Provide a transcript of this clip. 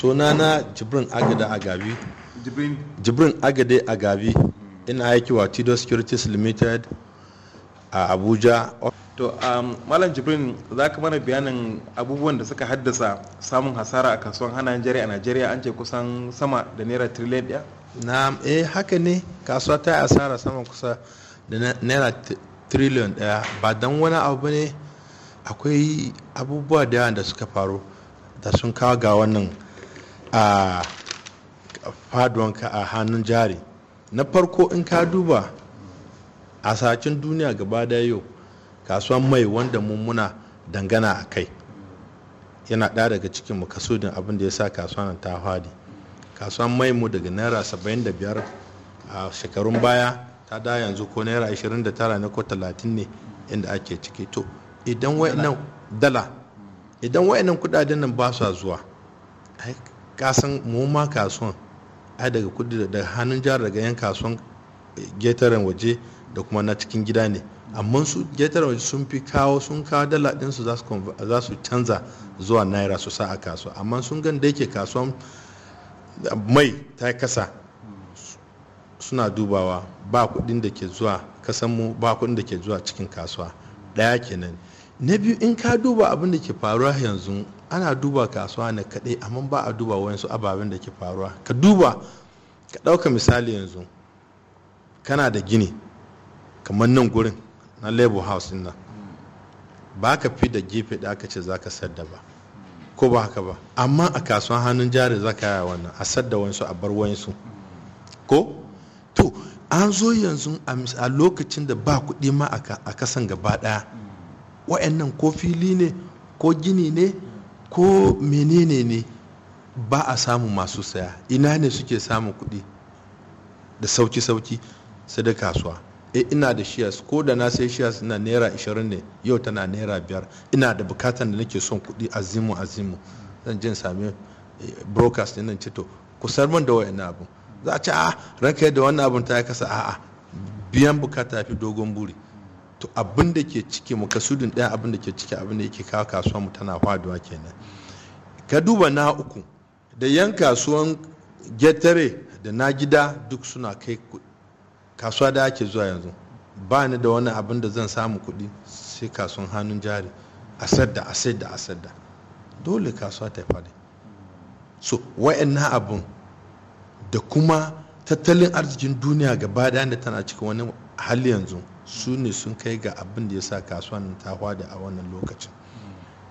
sunana jibrin agade agabi jibrin agade agabi ina aiki wa tido securities limited a abuja to um, malam jibrin za ka mana bayanin abubuwan da suka haddasa samun hasara a kasuwan hana jari a najeriya an ce kusan sama da naira trillion ɗaya? na eh haka ne kasuwa ta asara sama kusa da naira trillion ɗaya. ba don wani abu ne akwai abubuwa da yawa da suka faru da sun kawo ga wannan a faduwanka a hannun jari na farko in ka duba a sacin duniya gaba da yau kasuwan mai wanda mummuna dangana a kai yana ɗaya daga cikin makasudin abin da ya sa kasuwan ta fadi kasuwan mai mu daga naira 75 a shekarun baya ta da yanzu ko naira 29 ne ko 30 ne inda ake ciki to idan wayannan dala idan wayannan kudaden nan ba su zuwa kasan mu ma kasuwan ai daga kudi da hannun jihar daga yan kasuwan getaren waje da kuma na cikin gida ne amma su getaren waje sun fi kawo sun kawo dala ɗinsu za su canza zuwa naira su sa a kasuwa amma sun gan da yake kasuwan mai ta kasa suna dubawa ba kuɗin da ke zuwa mu ba kuɗin da ke zuwa cikin kasuwa ɗaya kenan na biyu in ka duba abin da ke faruwa yanzu ana duba kasuwa ne kaɗai amma ba a duba wayansu ababen da ke faruwa ka duba ka ɗauka misali yanzu kana da gini kamar nan gurin na labor house nan ba ka fi da gefe da aka ce za ka sadda ba ko ba haka ba amma a kasuwan hannun jari za ka yaya wannan a sadda wayansu a bar wayansu ko to an zo yanzu a lokacin da ba kuɗi ma a kasan gaba ɗaya wa'annan ko fili ne ko gini ne ko menene ne ba a samu masu saya ina ne suke samun kuɗi da sauki-sauki sai da kasuwa e ina da shiyas. ko da na sai shiyas na naira 20 ne yau tana naira biyar ina da bukatan da nake son kuɗi azimu azimu zan jin sami eh, brokers ne nan cito kusar man da wayan abu za a ce a ah, ranka da wannan abun ta ya kasa a'a biyan bukata fi dogon buri to abin da ke ciki mu kasudin ɗaya abin da ke ciki abin da yake kawo kasuwa mu tana faduwa kenan ka duba na uku da yan kasuwan getare da na gida duk suna kai kasuwa da ake zuwa yanzu ba ni da wani abin da zan samu kuɗi sai kasuwan hannun jari a sadda a sadda a sadda dole kasuwa ta faɗi so na abin da kuma tattalin arzikin duniya gaba da tana cikin wani hal yanzu su ne sun kai ga abin da ya sa kasuwan ta hwada a wannan lokacin